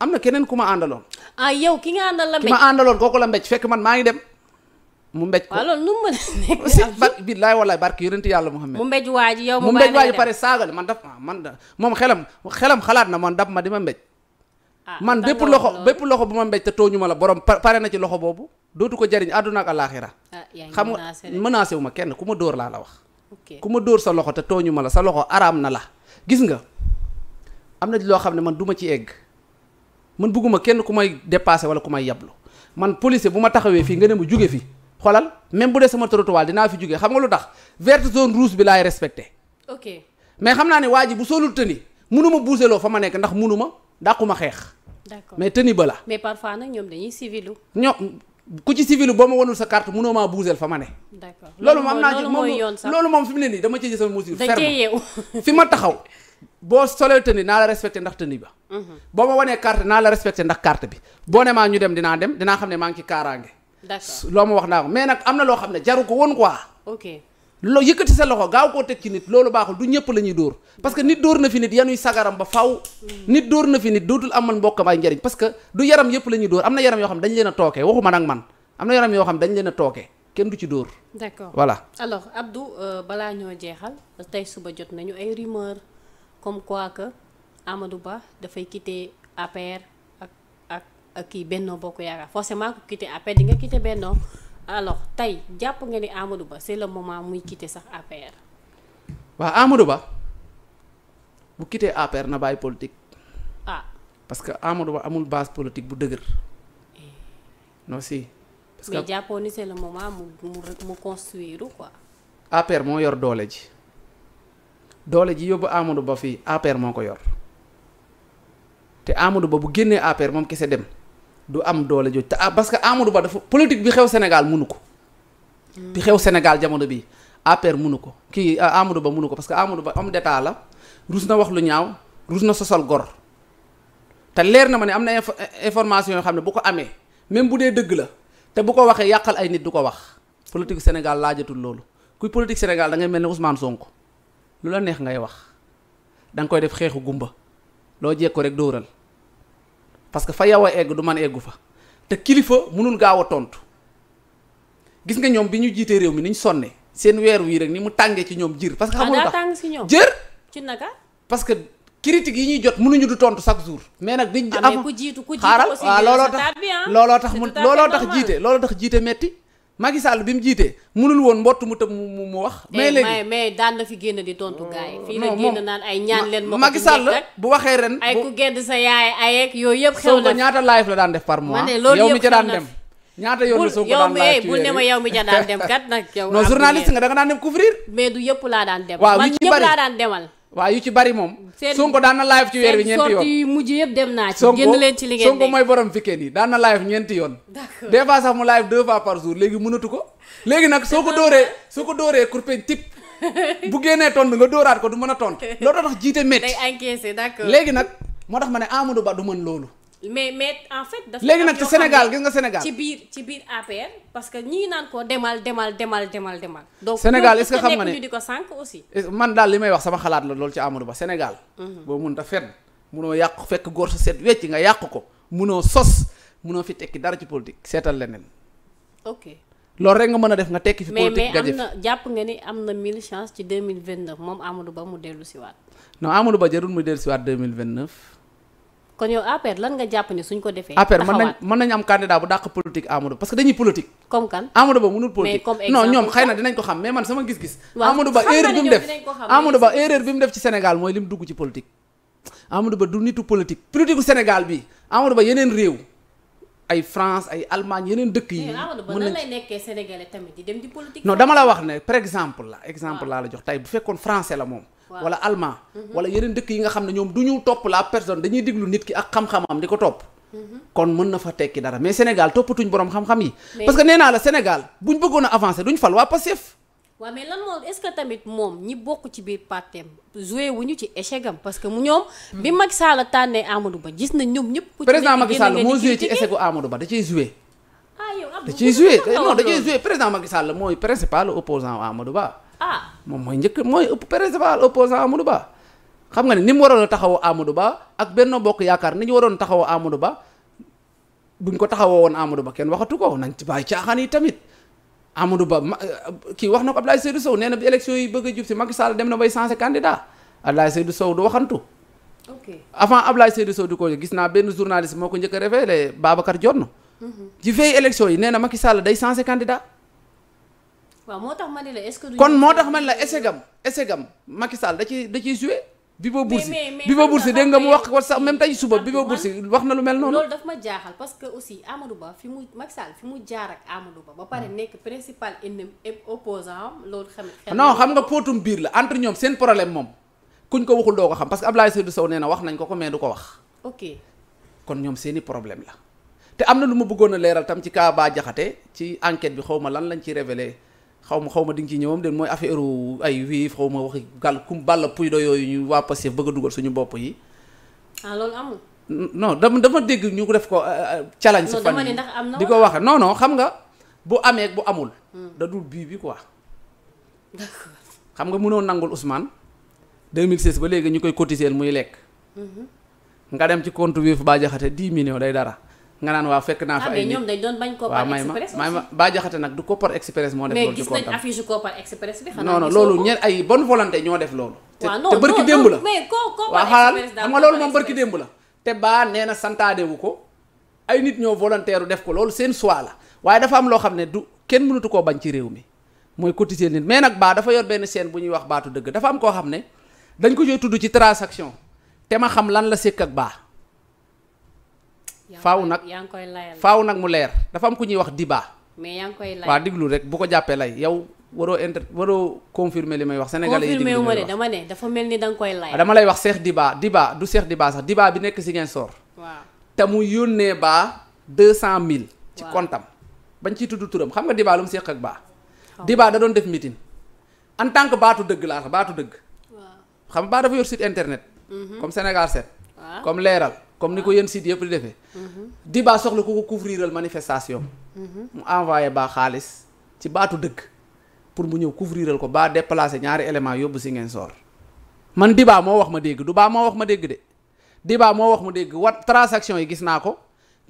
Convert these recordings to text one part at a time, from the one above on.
am na keneen ku ma àndaloon. ah yow ki nga àndal la mbéj ki ma àndaloon kooku la mbéj fekk man maa ngi dem. mu mbéj ko alors nu mu mën a nekk si ba billaay wallaay barke yonent yàlla Muhammad mu mbéj waa ji yow mu mbéj waa ji pare saagale man daf ah, man da moom xelam xelam xalaat na man dab ma di ma mbéj ah, man bépp loxo bépp loxo bu ma mbéj te tooñu ma la borom pare na ci loxo boobu dootu ko jariñ àdduna ak alaaxira ah, xam nga menacé ma kenn ku ma dóor laa la wax ku ma dóor sa loxo te tooñu ma la sa loxo araam na la gis nga am na loo xam ne man duma ci egg man bugguma kenn ku may dépassé wala ku may yablu man policier bu ma taxawee fii nga ne ma jóge fi xoolal même bu dee sama trottoir dinaa fi jóge xam nga lu tax verte zone rouge bi laay respecté. ok mais xam naa ne waa ji bu solul tëni mënu ma buuseloo fa ma nekk ndax mënu ma dàquma xeex. d'accord mais tëni ba la. mais parfois nag ñoom dañuy civilu. ñoom ku ci civilu boo ma wanul sa carte mënoo maa buusel fa ma ne. d'accord loolu moom am naa loolu moom fi mu ne nii dama ci sama mesure ferme fi ma taxaw boo solee tenue naa la respecté ndax tenue ba. Mhm. boo ma wanee carte naa la respecté ndax carte bi boo ne maa ñu dem dinaa dem dinaa xam ne maa ngi ci kaaraange. loo ma wax naa ko mais nag xam ne jaru ko woon quoi. ok loo yëkkati sa loxo gaaw koo teg ci nit loolu baaxul du ñëpp la ñuy dóor parce que nit dóor na fi nit yanuy sagaram ba faw mm. nit amal mbokkam ay njariñ parce que du yaram la ñuy dóor am na yaram yoo a tookee waxuma nag man am na yaram yoo xam dañ leen a tookee kenn du ci dóor. d'accord voilà alors Abdou euh, balaa ñoo jeexal tey suba jot nañu ay rumeur comme quoi que Amadou Ba dafay quitter APR ak ak ak kii Benno Bokk Yaakaar forcément ku quitter APR di nga quitter Benno alors tey jàpp nga ni Amadou Ba c'est le moment muy quitter sax APR. waaw Amadou Ba bu quitter APR na bàyyi politique. ah parce que Amadou Ba amul base politique bu dëgër. non si. parce que mais jàppoon ni c'est le moment mu mu mu construire quoi. APR moo yor doole ji. doole ji yóbbu Amadou Ba fii APR moo ko yor te Amadou Ba bu génnee APR moom ki kese dem du am doole jooju te ah, parce que Amadou Ba dafa politique bi xew Sénégal munu ko. bi mm. xew Sénégal jamono bi APR munu ko kii ah, Amadou Ba munu ko parce que Amadou Ba homme d'état la rus na wax lu ñaaw rus na sosal gor te leer na ma ne am na eh, information yoo xam ne bu ko amee même bu dee dëgg la te bu ko waxee yàqal ay nit du ko wax politique Sénégal laajatul loolu kuy politique Sénégal da ngay mel ne Ousmane Sonko. lu la neex ngay wax da nga koy def xeexu gumba loo jekk ko rek dóoral parce que fa yow a egg du man eggu fa te kilifa mënul gaaw a tontu gis nga ñoom bi ñu jiitee réew mi ni ñu sonne seen weer wii rek ni mu tàngee ci ñoom jër parce que ah, xamul tax jër ci naka parce que critique yi ñuy jot mënuñu du tontu chaque jour mais nag diñ ah, am xaaral waaw ah, looloo tax looloo tax mu looloo tax jiite looloo tax jiite metti Macky Sall bi mu jiitee munul woon mbott mu tëb mu mu wax. Eh, mais léegi mais daan na fi génn di tontu gaay fii la génn naan ay ñaan leen. ma Macky Sall bu waxee ren. ay ku gedd sa yaay ay ak yooyu yëpp. xew na ñaata live la daan def par mois. yow mi ca daan dem ñaata yoon la soo ko daan laaj bul daan dem kat nag. yow non nga da daan dem couvrir. mais du yëpp laa daan demal. waaw man ñëpp laa daan waaw yu ci bari moom. Sonko daana na live ci weer wi ñeenti yoon seen mujj yëpp dem naa ci. génn leen ci li ngeen Sonko mooy borom weekend yi daan na live ñeenti yoon. d'accord des fois sax mu live deux fois par jour léegi mënatu ko. léegi nag soo ko dooree soo ko dooree kurpeñ tip bu génnee tontu nga dooraat ko du mën a tontu. loolu tax jiite métti day encaissé d'accord léegi nag moo tax ma ne Amadou Ba du mën loolu. mais mais en fait. dafa léegi nag ci Sénégal gis nga Sénégal. ci biir ci biir APR parce que ñii naan ko demal demal demal demal demal. donc Sénégal est-ce que xam nga ne ko sànq aussi. man daal li may wax sama xalaat la loolu ci Amadou Ba Sénégal. Mhm. boo mun ta fenn munoo yàq fekk góor sa set wecc nga yàq ko munoo sos munoo fi tekki dara ci politique seetal leneen. ok loolu rek nga mën a def nga tekki fi. politique mais mais am na jàpp nga ni am na mille chance ci deux mille vingt neuf moom Amadou Ba mu dellu si waat. non Amadou Ba jarul mu dellu si waat deux mille vingt neuf kon yow lan nga jàpp ne suñ ko defee. APR mën nañ mën nañ am candidat bu dàq politique Amadou parce que dañuy politique. comme kan Amadou Ba mënul politique non ñoom xëy na dinañ ko xam mais man sama gis-gis. Amadou Ba erreur bi mu def ci Sénégal mooy lim dugg ci politique. Amadou Ba du nitu politique politique Sénégal bi Amadou Ba yeneen réew. ay France ay Allemagne yeneen dëkk yi. mën nañ lay nekkee sénégalais tamit di dem dama la wax ne par exemple la exemple laa la jox tey bu fekkoon français la moom wala allemand mhm. wala yeneen dëkk yi nga xam ne ñoom du ñu topp la personne dañuy diglu nit ki ak xam-xamam di ko topp mhm. kon mën na fa tekki dara mais Sénégal toppatuñ borom xam-xam yi parce que nee naa la Sénégal buñ bëggoon a avancer duñ fal waa Pastef waaw mais lan moom est-ce que tamit moom ñi bokk ci biir partem joué wuñu ci échec parce que mu ñoom bi hmm. Macky saala tànnee Amadou Ba gis nañ ñoom ñëpp président Macky Sall moo joué ci Ba da ciy joué ah, da ciy joué eh, non da ciy joué président Macky Sall mooy principal opposant Amadou Ba ah moom mooy njëkk mooy principal opposant Amadou Ba xam nga ne ni mu waroon a taxawoo Amadou Ba ak benn Bokk Yaakaar ni ñu waroon taxawoo Amadou Ba buñ ko taxawoo woon Amadou Ba kenn waxatu ko nañ ci bàyyi caaxaan yi tamit Amadou Ba euh, kii wax na ko Abdoulaye Seydou Sow nee na bi élection yi bëgg a jub si Macky Sall dem na bay changé candidat Abdoulaye Seydou Sow du waxantu. ok avant Abdoulaye Seydou Sow di ko gis naa benn journaliste moo ko njëkk a révélé Babacar Dione. Mhm. ci veille yi nee na Macky Sall day changé candidat. waaw moo tax ma ne la est-ce que. kon moo tax man la esegam esegam Macky Sall da ciy da ciy joué. Bibo Bourgi Bibo Bourgi dégg nga mu wax ko sax même tey suba Bibo Bourgi wax na lu mel noonu. loolu daf ma jaaxal parce que aussi Amadou Ba fi mu Macky jaar ak Amadou Ba. ba pare hmm. nekk principal ennemi eh, opposant loolu xam non xam nga póotum biir la entre ñoom seen problème moom kuñ ko waxul doo ko xam parce que Abdoulaye Seydou nee na wax nañ ko ko mais du ko wax. ok kon ñoom seeni problème la. te am na lu ma bëggoon a leeral tam ci baa Jaxate ci enquête bi xaw ma lan lañ ci révélé xaw ma xaw ma di nga ci ñëwam de mooy affaire ay wii xaw ma waxi gàll kum balla puy do yooyu ñu waa Pastef bëgg a dugal suñu bopp yi. ah loolu amul. non dama dama dégg ñu ko def ko euh, euh, challenge. si fan yi di ko wax non non xam nga bu amee bu amul. Hmm. da dul bii bi quoi. d'accord xam nga mënoo nangul Ousmane 2016 ba léegi ñu koy cotiser muy lekk. Mhm. nga dem ci compte wii ba jaxate 10 millions day dara. nga naan waaw fekk naa fa ah, ay ñoom dañ doon bañ Kopar Express ma Bah Diakhaté nag du Kopar Express moo def loolu mais gis nañ affiche Kopar Express ay bonne volonté ñoo def loolu te bërki démb la waaw xaaral xam nga loolu moom bërki démb la te nee na santaadewu ko ay nit ñoo volontaire def ko loolu seen choix la waaye dafa loo xam ne du kenn mënatu koo bañ ci réew mi mooy cotiser nit mais nag baa dafa yor benn seen bu ñuy wax baatu dëgg dafa am koo xam ne dañ ko joy tudd ci transaction te ma xam lan la sékk ak baa faaw nag faaw nag mu leer dafa am ku ñuy wax débat mais yaa ngi koy lay waaw diglu rek bu ko jàppee lay yow waroo inter waroo confirmer li may wax sénégalais yi confirmer wu ma dama ne dafa mel ni danga koy lay dama lay wax seex débat débat du seex débat sax débat bi nekk si ngeen soor waaw te mu yónnee baa deux cent mille ci kontam bañ ciy tudd turam xam nga débat lu mu seeq ak baa débat da doon def mitin en tant que baatu dëgg laa baatu dëgg xam nga baa dafa yor site internet mhm. comme Sénégal set comme leeral comme ni ko yenn site yëpp di defee. Mhm. Diba soxla ko ko couvriral manifestation. Mhm. mu envoyé baa xaalis ci baatu dëkk pour mu ñëw couvriral ko baa déplacé ñaari élément yóbbu si ngeen soor man Diba moo wax ma dégg du baa moo wax ma dégg de Diba moo wax ma dégg wat transaction yi gis naa ko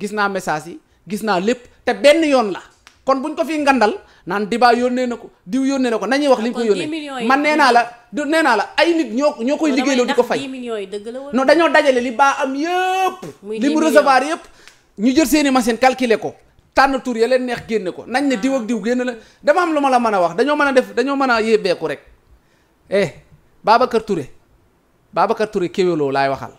gis naa message yi gis naa lépp te benn yoon la. kon buñ ko fi ngandal naan débat yónnee na ko diw yónnee na ko nañuy wax li ñu ko yónnee man nee naa la du nee la ay nit ñoo ñoo koy liggéeyloo di ko fay non dañoo dajale li baa am yëpp li mu recevoir yëpp ñu jël seeni machine calculer ko tànn tur ya leen neex génne ko nañ ne diw ak diw génn la dama am lu ma la mën a wax dañoo mën a def dañoo mën a yebbeeku rek eh Babacar Touré Babacar Touré kéwéloo laay waxal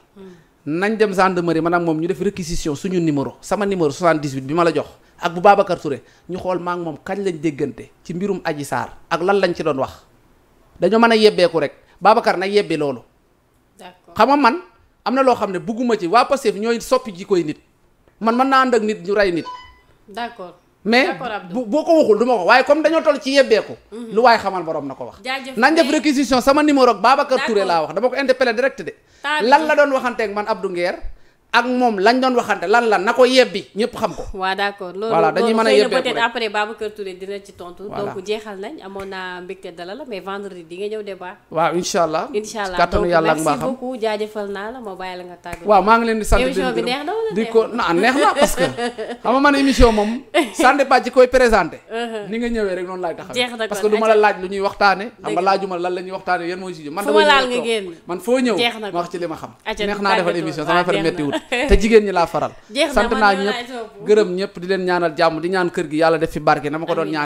nañ dem gendarmerie maanaam moom ñu def réquisition suñu numéro sama numéro 78 bi ma la jox ak bu Babacar Touré ñu xool maa ngi moom kañ lañ déggante ci mbirum Adji saar ak lan lañ ci doon wax dañoo mën a yebbeeku rek Babacar nag yebbee loolu. d'accord xam nga man am na loo xam ne bugguma ci waa Pastef ñooy soppi ji koy nit man mën naa ànd ak nit ñu rey nit. mais boo ko waxul du ma ko waaye comme dañoo toll ci yebbeeku mhm. lu waaye xamal borom na ko wax nañ def réquisition sama numéro ak Babacar Touré laa wax dama ko interpellé direct de lan la doon waxanteeg man Abdou Nguer ak moom lañ doon waxante lan lan na ko yebbi ñëpp xam ko. waaw d'accord loolu voilà dañuy mën a yebbee peut-être après Babacar Touré dina ci tontu. donc jeexal la mais naa la ma bàyyi la nga tàggatoo. waaw maa ngi leen di sant émission bi neex na ci koy présenté. Uh-huh. ni nga ñëwee rek noonu laay taxawee. jeex na parce ma laaj lu ñuy waxtaane xam nga laajuma lan la waxtaane yéen mooy si man foo ñëw ma wax ci li ma xam neex naa defal émission sama affaire métti te jigéen ñi laa faral sant naa ñëpp gërëm ñëpp di leen ñaanal jàmm di ñaan kër gi yàlla def fi barke na ma ko doon ñaan